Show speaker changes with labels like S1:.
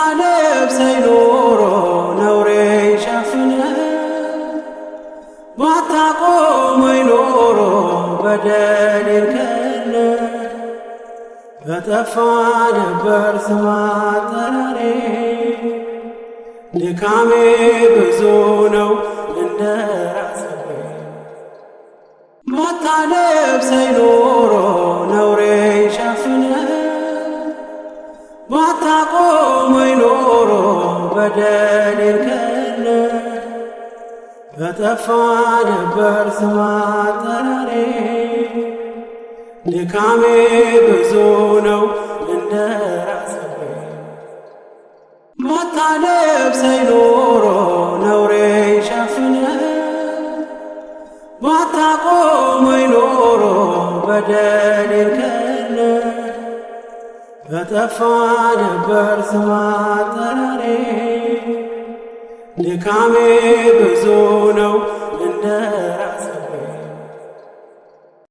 S1: ሳለብ ሳይኖሮ ነውሬ ሸፍነ ባታቆም ይኖሮ በደሌን ከነ በጠፋ ነበር ስማ ጠራሬ ድካሜ ብዙ ነው እንደ ባታለብ ሳይኖሮ ባታቆመኝ ኖሮ በደሌን ከነ በጠፋ ነበር ስም ድካሜ ብዙ ነው እንደ ራሴ ባታለብሰኝ ኖሮ በጠፋ ነበር ስማ ጠራሬ ድካሜ ብዙ ነው